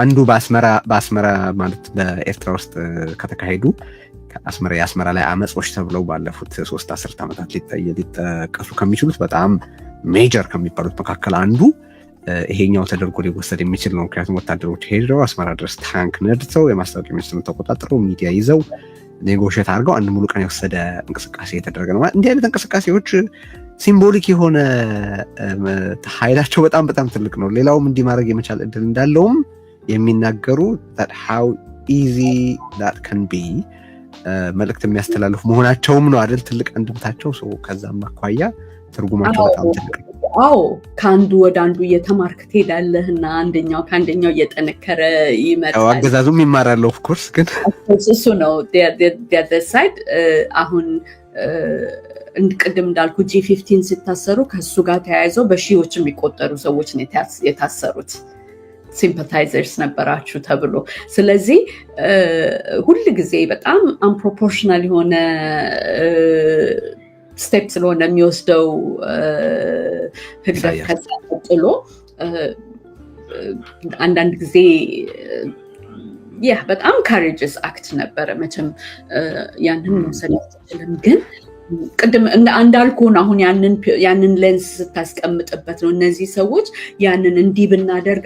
አንዱ በአስመራ በአስመራ ማለት በኤርትራ ውስጥ ከተካሄዱ አስመራ የአስመራ ላይ አመጾች ተብለው ባለፉት ሶስት አስርት ዓመታት ሊጠቀሱ ከሚችሉት በጣም ሜጀር ከሚባሉት መካከል አንዱ ይሄኛው ተደርጎ ሊወሰድ የሚችል ነው። ምክንያቱም ወታደሮች ሄደው አስመራ ድረስ ታንክ ነድተው የማስታወቂያ ሚኒስትሩን ተቆጣጥረው ሚዲያ ይዘው ኔጎሽት አድርገው አንድ ሙሉ ቀን የወሰደ እንቅስቃሴ የተደረገ ነው። እንዲህ አይነት እንቅስቃሴዎች ሲምቦሊክ የሆነ ኃይላቸው በጣም በጣም ትልቅ ነው። ሌላውም እንዲህ ማድረግ የመቻል እድል እንዳለውም የሚናገሩ ሃው ኢዚ ዳት ከን ቢ መልእክት የሚያስተላልፉ መሆናቸውም ነው አደል ትልቅ አንድምታቸው ከዛም አኳያ ትርጉማቸው በጣም ትልቅ አዎ ከአንዱ ወደ አንዱ እየተማርክ ትሄዳለህ እና አንደኛው ከአንደኛው እየጠነከረ ይመጣል። አገዛዙም ይማራል። ኦፍኮርስ ግን እሱ ነው ሳይድ uh, አሁን uh, ቅድም እንዳልኩ ጂ ፊፍቲን ሲታሰሩ ከእሱ ጋር ተያይዘው በሺዎች የሚቆጠሩ ሰዎች ነው የታሰሩት። ሲምፓታይዘርስ ነበራችሁ ተብሎ። ስለዚህ ሁል ጊዜ በጣም አንፕሮፖርሽናል የሆነ ስቴፕ ስለሆነ የሚወስደው ህግ ከዛ ጥሎ አንዳንድ ጊዜ ያ በጣም ካሬጅስ አክት ነበረ። መቼም ያንን መውሰድ አትችልም ግን ቅድም እንዳልኩን አሁን ያንን ሌንስ ስታስቀምጥበት ነው። እነዚህ ሰዎች ያንን እንዲህ ብናደርግ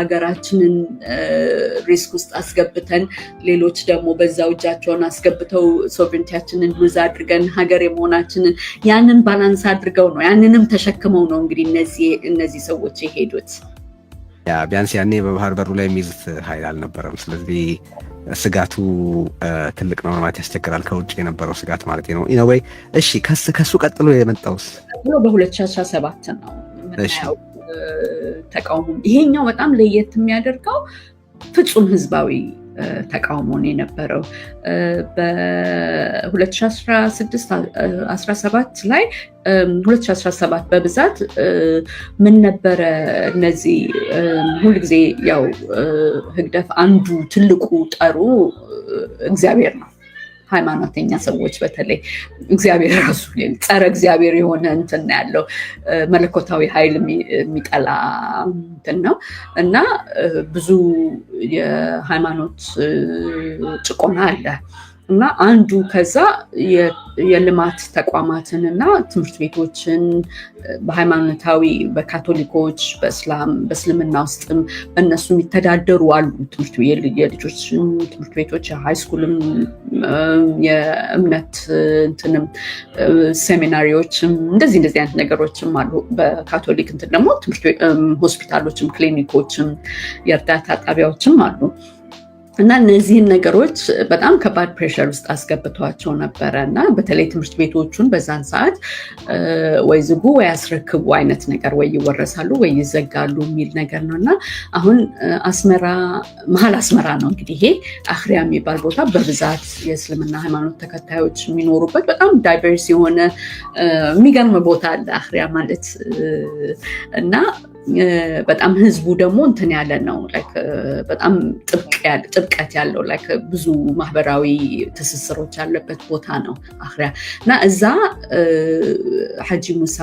አገራችንን ሪስክ ውስጥ አስገብተን፣ ሌሎች ደግሞ በዛው እጃቸውን አስገብተው ሶቨሬንቲያችንን ብዝ አድርገን ሀገር የመሆናችንን ያንን ባላንስ አድርገው ነው ያንንም ተሸክመው ነው እንግዲህ እነዚህ ሰዎች የሄዱት። ቢያንስ ያኔ በባህር በሩ ላይ የሚይዙት ኃይል አልነበረም። ስለዚህ ስጋቱ ትልቅ ነው ማለት ያስቸግራል። ከውጭ የነበረው ስጋት ማለት ነው ኢነወይ እሺ ከሱ ቀጥሎ የመጣውስ በ2017 ነው ተቃውሞ። ይሄኛው በጣም ለየት የሚያደርገው ፍጹም ህዝባዊ ተቃውሞን የነበረው በ2016 ላይ 2017 በብዛት ምን ነበረ? እነዚህ ሁልጊዜ ያው ህግደፍ አንዱ ትልቁ ጠሩ እግዚአብሔር ነው። ሃይማኖተኛ ሰዎች በተለይ እግዚአብሔር ራሱ ጸረ እግዚአብሔር የሆነ እንትን ያለው መለኮታዊ ኃይል የሚጠላ እንትን ነው እና ብዙ የሃይማኖት ጭቆና አለ። እና አንዱ ከዛ የልማት ተቋማትን እና ትምህርት ቤቶችን በሃይማኖታዊ በካቶሊኮች፣ በእስላም፣ በእስልምና ውስጥም በእነሱ የሚተዳደሩ አሉ። የልጆች ትምህርት ቤቶች የሃይስኩልም፣ የእምነት እንትንም፣ ሴሚናሪዎችም እንደዚህ እንደዚህ አይነት ነገሮችም አሉ። በካቶሊክ እንትን ደግሞ ሆስፒታሎችም፣ ክሊኒኮችም፣ የእርዳታ ጣቢያዎችም አሉ። እና እነዚህን ነገሮች በጣም ከባድ ፕሬሸር ውስጥ አስገብቷቸው ነበረ እና በተለይ ትምህርት ቤቶቹን በዛን ሰዓት ወይ ዝጉ ወይ አስረክቡ አይነት ነገር ወይ ይወረሳሉ ወይ ይዘጋሉ የሚል ነገር ነው እና አሁን አስመራ መሀል አስመራ ነው እንግዲህ ይሄ አክሪያ የሚባል ቦታ በብዛት የእስልምና ሃይማኖት ተከታዮች የሚኖሩበት በጣም ዳይቨርስ የሆነ የሚገርም ቦታ አለ አክሪያ ማለት እና በጣም ህዝቡ ደግሞ እንትን ያለ ነው። በጣም ጥብቀት ያለው ብዙ ማህበራዊ ትስስሮች ያለበት ቦታ ነው አክሪያ እና እዛ ሐጂ ሙሳ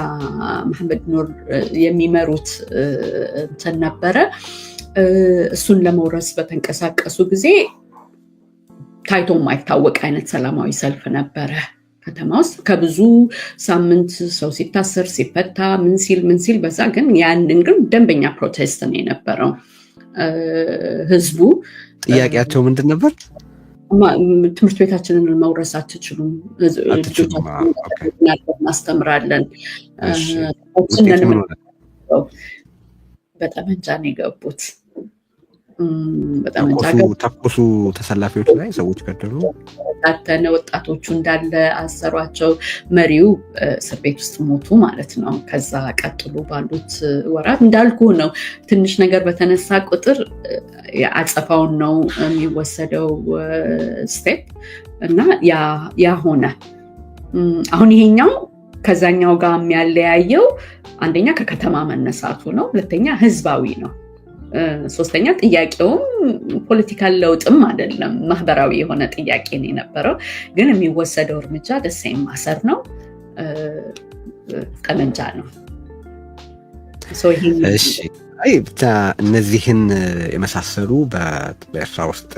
መሐመድ ኑር የሚመሩት እንትን ነበረ። እሱን ለመውረስ በተንቀሳቀሱ ጊዜ ታይቶ የማይታወቅ አይነት ሰላማዊ ሰልፍ ነበረ። ከተማ ውስጥ ከብዙ ሳምንት ሰው ሲታሰር ሲፈታ ምን ሲል ምን ሲል በዛ ግን ያንን ግን ደንበኛ ፕሮቴስት ነው የነበረው ህዝቡ። ጥያቄያቸው ምንድን ነበር? ትምህርት ቤታችንን መውረስ አትችሉም፣ ልጆቻችንን እናስተምራለን። በጠመንጃ ነው የገቡት። ተኮሱ ተሰላፊዎች ላይ ሰዎች ገደሉ፣ ታተነ፣ ወጣቶቹ እንዳለ አሰሯቸው። መሪው እስር ቤት ውስጥ ሞቱ ማለት ነው። ከዛ ቀጥሎ ባሉት ወራት እንዳልኩ ነው። ትንሽ ነገር በተነሳ ቁጥር አጸፋውን ነው የሚወሰደው ስቴፕ እና ያ ሆነ። አሁን ይሄኛው ከዛኛው ጋር የሚያለያየው አንደኛ ከከተማ መነሳቱ ነው፣ ሁለተኛ ህዝባዊ ነው። ሶስተኛ ጥያቄውም ፖለቲካል ለውጥም አይደለም፣ ማህበራዊ የሆነ ጥያቄ ነው የነበረው። ግን የሚወሰደው እርምጃ ደሴ ማሰር ነው፣ ጠመንጃ ነው። እነዚህን የመሳሰሉ በኤርትራ ውስጥ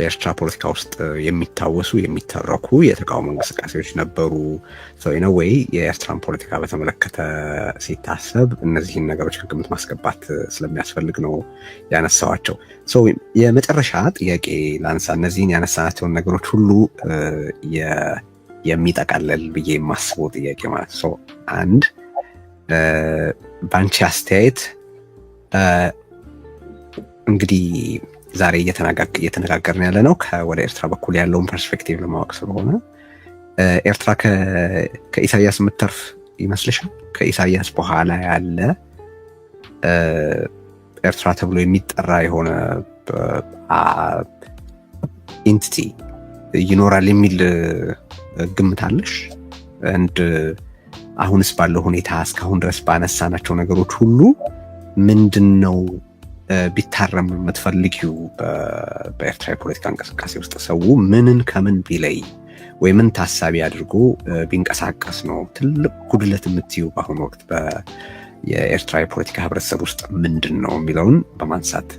በኤርትራ ፖለቲካ ውስጥ የሚታወሱ የሚተረኩ የተቃውሞ እንቅስቃሴዎች ነበሩ። ነው ወይ የኤርትራን ፖለቲካ በተመለከተ ሲታሰብ እነዚህን ነገሮች ከግምት ማስገባት ስለሚያስፈልግ ነው ያነሳዋቸው። የመጨረሻ ጥያቄ ላንሳ። እነዚህን ያነሳናቸውን ነገሮች ሁሉ የሚጠቃለል ብዬ የማስበው ጥያቄ ማለት ነው። አንድ በአንቺ አስተያየት እንግዲህ ዛሬ እየተነጋገርን ያለ ነው ወደ ኤርትራ በኩል ያለውን ፐርስፔክቲቭ ለማወቅ ስለሆነ ኤርትራ ከኢሳያስ የምትተርፍ ይመስልሻል? ከኢሳያስ በኋላ ያለ ኤርትራ ተብሎ የሚጠራ የሆነ ኢንቲቲ ይኖራል የሚል ግምት አለሽ? እንድ አሁንስ ባለው ሁኔታ እስካሁን ድረስ ባነሳናቸው ነገሮች ሁሉ ምንድን ነው ቢታረም የምትፈልጊው በኤርትራ የፖለቲካ እንቅስቃሴ ውስጥ ሰው ምንን ከምን ቢለይ ወይ ምን ታሳቢ አድርጎ ቢንቀሳቀስ ነው ትልቅ ጉድለት የምትዩ በአሁኑ ወቅት የኤርትራ የፖለቲካ ህብረተሰብ ውስጥ ምንድን ነው የሚለውን በማንሳት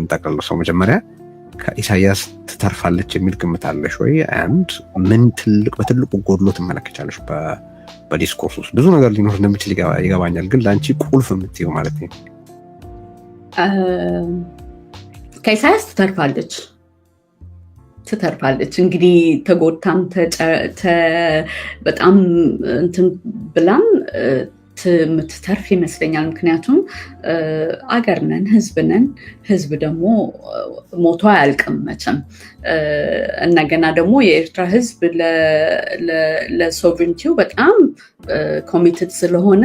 እንጠቅልል። ሰው መጀመሪያ ከኢሳያስ ትተርፋለች የሚል ግምት አለሽ ወይ? አንድ ምን ትልቅ በትልቁ ጎድሎ ትመለከቻለሽ? በዲስኮርስ ውስጥ ብዙ ነገር ሊኖር እንደሚችል ይገባኛል፣ ግን ለአንቺ ቁልፍ የምትየው ማለት ነው ከኢሳያስ ትተርፋለች ትተርፋለች። እንግዲህ ተጎድታም በጣም እንትን ብላም የምትተርፍ ይመስለኛል። ምክንያቱም አገር ነን፣ ህዝብ ነን። ህዝብ ደግሞ ሞቶ አያልቅም መቼም እና ደግሞ የኤርትራ ህዝብ ለሶቨሬንቲው በጣም ኮሚትድ ስለሆነ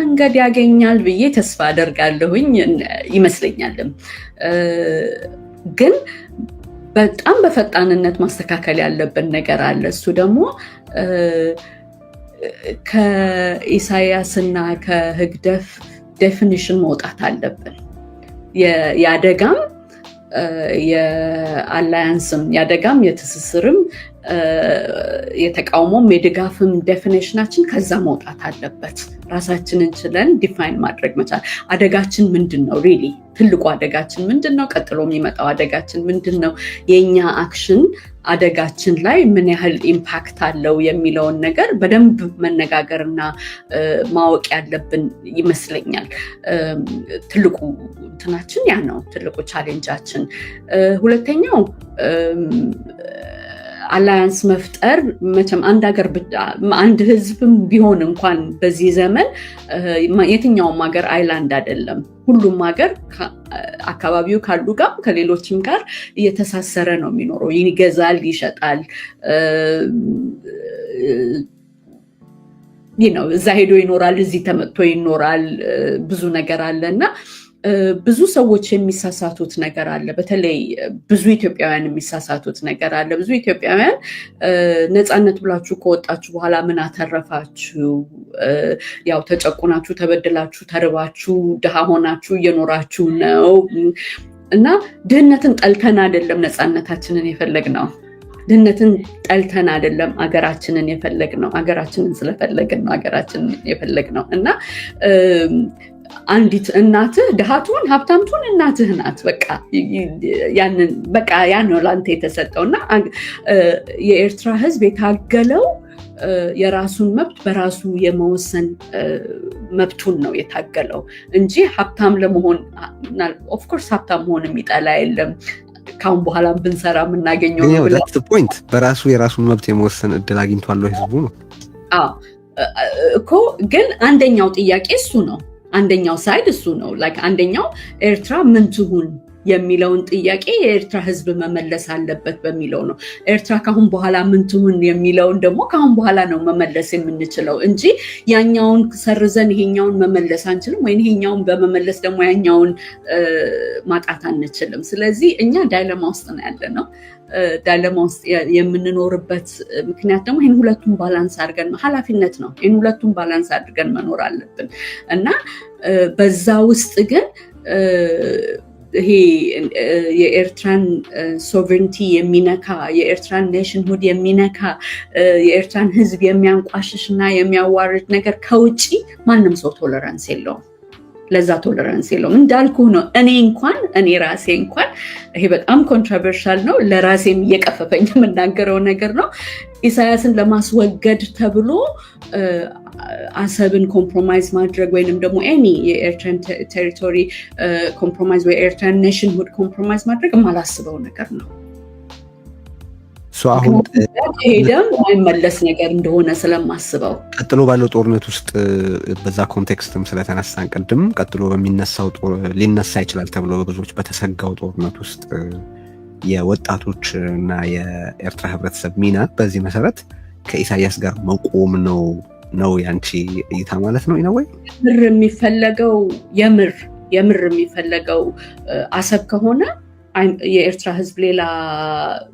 መንገድ ያገኛል ብዬ ተስፋ አደርጋለሁኝ ይመስለኛልም ግን በጣም በፈጣንነት ማስተካከል ያለብን ነገር አለ። እሱ ደግሞ ከኢሳያስና ከህግደፍ ዴፊኒሽን መውጣት አለብን። የአደጋም የአላያንስም የአደጋም የትስስርም የተቃውሞም የድጋፍም ዴፊኒሽናችን ከዛ መውጣት አለበት። ራሳችንን ችለን ዲፋይን ማድረግ መቻል። አደጋችን ምንድን ነው? ሪሊ ትልቁ አደጋችን ምንድን ነው? ቀጥሎ የሚመጣው አደጋችን ምንድን ነው? የእኛ አክሽን አደጋችን ላይ ምን ያህል ኢምፓክት አለው የሚለውን ነገር በደንብ መነጋገርና ማወቅ ያለብን ይመስለኛል። ትልቁ እንትናችን ያ ነው፣ ትልቁ ቻሌንጃችን። ሁለተኛው አላያንስ መፍጠር መቼም አንድ ሀገር አንድ ህዝብም ቢሆን እንኳን በዚህ ዘመን የትኛውም ሀገር አይላንድ አይደለም። ሁሉም ሀገር አካባቢው ካሉ ጋር ከሌሎችም ጋር እየተሳሰረ ነው የሚኖረው። ይገዛል፣ ይሸጣል ነው እዛ ሄዶ ይኖራል፣ እዚህ ተመጥቶ ይኖራል። ብዙ ነገር አለ እና ብዙ ሰዎች የሚሳሳቱት ነገር አለ። በተለይ ብዙ ኢትዮጵያውያን የሚሳሳቱት ነገር አለ። ብዙ ኢትዮጵያውያን ነፃነት ብላችሁ ከወጣችሁ በኋላ ምን አተረፋችሁ? ያው ተጨቁናችሁ፣ ተበድላችሁ፣ ተርባችሁ፣ ድሃ ሆናችሁ እየኖራችሁ ነው እና ድህነትን ጠልተን አይደለም ነፃነታችንን የፈለግ ነው ድህነትን ጠልተን አይደለም አገራችንን የፈለግ ነው። አገራችንን ስለፈለግን ነው አገራችንን የፈለግ ነው እና አንዲት እናትህ ድሃቱን ሀብታምቱን እናትህ ናት። በቃ ያንን በቃ ያ ነው ለአንተ የተሰጠው እና የኤርትራ ህዝብ የታገለው የራሱን መብት በራሱ የመወሰን መብቱን ነው የታገለው እንጂ ሀብታም ለመሆን ኦፍኮርስ ሀብታም መሆን የሚጠላ የለም። ካሁን በኋላ ብንሰራ የምናገኘው ፖይንት በራሱ የራሱን መብት የመወሰን እድል አግኝቷለው ህዝቡ ነው እኮ። ግን አንደኛው ጥያቄ እሱ ነው። አንደኛው ሳይድ እሱ ነው። ላይክ አንደኛው ኤርትራ ምን ትሁን የሚለውን ጥያቄ የኤርትራ ህዝብ መመለስ አለበት በሚለው ነው። ኤርትራ ካሁን በኋላ ምን ትሁን የሚለውን ደግሞ ካሁን በኋላ ነው መመለስ የምንችለው እንጂ ያኛውን ሰርዘን ይሄኛውን መመለስ አንችልም፣ ወይም ይሄኛውን በመመለስ ደግሞ ያኛውን ማጣት አንችልም። ስለዚህ እኛ ዳይለማ ውስጥ ነው ያለ ነው። ዳይለማ ውስጥ የምንኖርበት ምክንያት ደግሞ ይህን ሁለቱን ባላንስ አድርገን ኃላፊነት ነው። ይህን ሁለቱን ባላንስ አድርገን መኖር አለብን እና በዛ ውስጥ ግን ይሄ የኤርትራን ሶቨሬንቲ የሚነካ የኤርትራን ኔሽንሁድ የሚነካ የኤርትራን ህዝብ የሚያንቋሽሽ እና የሚያዋርድ ነገር ከውጭ ማንም ሰው ቶለራንስ የለውም። ለዛ ቶለራንስ የለውም። እንዳልኩ ነው። እኔ እንኳን እኔ ራሴ እንኳን ይሄ በጣም ኮንትራቨርሻል ነው፣ ለራሴም እየቀፈፈኝ የምናገረው ነገር ነው። ኢሳያስን ለማስወገድ ተብሎ አሰብን ኮምፕሮማይዝ ማድረግ ወይንም ደግሞ ኤኒ የኤርትራን ቴሪቶሪ ኮምፕሮማይዝ ወይ ኤርትራን ኔሽንሁድ ኮምፕሮማይዝ ማድረግ የማላስበው ነገር ነው። እሱ አሁን ሄደም የማይመለስ ነገር እንደሆነ ስለማስበው ቀጥሎ ባለው ጦርነት ውስጥ በዛ ኮንቴክስትም ስለተነሳን ቅድም ቀጥሎ በሚነሳው ሊነሳ ይችላል ተብሎ በብዙዎች በተሰጋው ጦርነት ውስጥ የወጣቶች እና የኤርትራ ህብረተሰብ ሚና በዚህ መሰረት ከኢሳያስ ጋር መቆም ነው ነው ያንቺ እይታ ማለት ነው ነወይ የምር የሚፈለገው የምር የምር የሚፈለገው አሰብ ከሆነ የኤርትራ ህዝብ ሌላ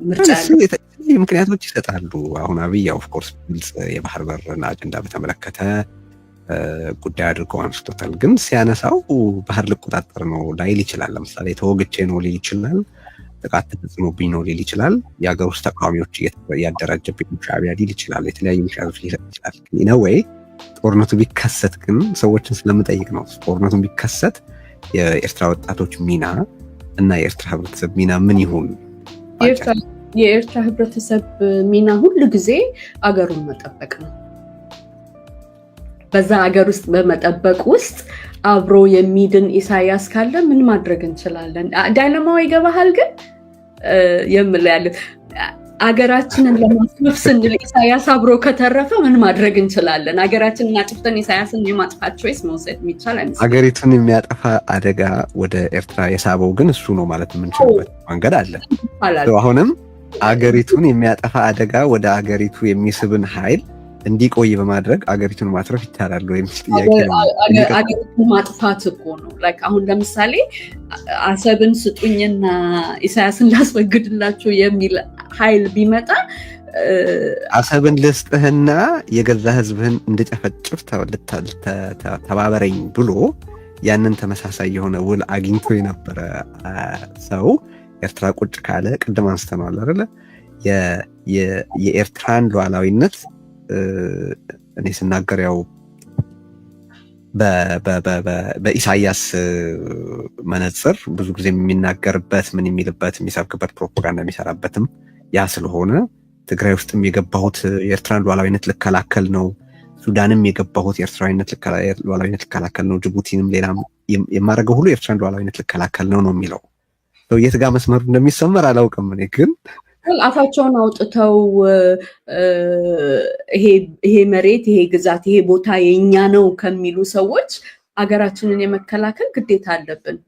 ምርጫ ምክንያቶች ይሰጣሉ። አሁን አብይ ኦፍኮርስ ግልጽ የባህር በርን አጀንዳ በተመለከተ ጉዳይ አድርገው አንስቶታል። ግን ሲያነሳው ባህር ልቆጣጠር ነው ላይል ይችላል። ለምሳሌ ተወግቼ ነው ሊል ይችላል። ጥቃት ተፈጽሞብኝ ነው ሊል ይችላል። የሀገር ውስጥ ተቃዋሚዎች እያደራጀብኝ ሻቢያ ሊል ይችላል። የተለያዩ ምክንያቶች ሊሰጥ ይችላል። ነወይ ጦርነቱ ቢከሰት ግን ሰዎችን ስለምጠይቅ ነው። ጦርነቱን ቢከሰት የኤርትራ ወጣቶች ሚና እና የኤርትራ ህብረተሰብ ሚና ምን ይሁን? የኤርትራ ህብረተሰብ ሚና ሁሉ ጊዜ አገሩን መጠበቅ ነው። በዛ ሀገር ውስጥ በመጠበቅ ውስጥ አብሮ የሚድን ኢሳያስ ካለ ምን ማድረግ እንችላለን? ዳይለማው ይገባሃል። ግን የምለው ያለ አገራችንን ለማስበብ ስንል ኢሳያስ አብሮ ከተረፈ ምን ማድረግ እንችላለን? አገራችንን አጭፍተን ኢሳያስን የማጥፋት ቾይስ መውሰድ የሚቻል አይመስል። አገሪቱን የሚያጠፋ አደጋ ወደ ኤርትራ የሳበው ግን እሱ ነው ማለት የምንችልበት መንገድ አለ። አሁንም አገሪቱን የሚያጠፋ አደጋ ወደ አገሪቱ የሚስብን ኃይል እንዲቆይ በማድረግ አገሪቱን ማትረፍ ይቻላል ወይም አገሪቱን ማጥፋት እኮ ነው። አሁን ለምሳሌ አሰብን ስጡኝና ኢሳያስን ላስወግድላችሁ የሚል ኃይል ቢመጣ አሰብን ልስጥህና የገዛ ህዝብህን እንድጨፈጭፍ ተባበረኝ ብሎ ያንን ተመሳሳይ የሆነ ውል አግኝቶ የነበረ ሰው ኤርትራ ቁጭ ካለ ቅድም አንስተነዋል አይደለ የኤርትራን ሉዓላዊነት እኔ ስናገር ያው በኢሳያስ መነጽር ብዙ ጊዜ የሚናገርበት ምን የሚልበት የሚሰብክበት ፕሮፓጋንዳ የሚሰራበትም ያ ስለሆነ ትግራይ ውስጥም የገባሁት የኤርትራን ሉዓላዊነት ልከላከል ነው፣ ሱዳንም የገባሁት የኤርትራዊነት ሉዓላዊነት ልከላከል ነው፣ ጅቡቲንም ሌላ የማደርገው ሁሉ የኤርትራን ሉዓላዊነት ልከላከል ነው ነው የሚለው የት መስመሩ እንደሚሰመር አላውቅም እኔ ግን አፋቸውን አውጥተው ይሄ መሬት፣ ይሄ ግዛት፣ ይሄ ቦታ የኛ ነው ከሚሉ ሰዎች አገራችንን የመከላከል ግዴታ አለብን።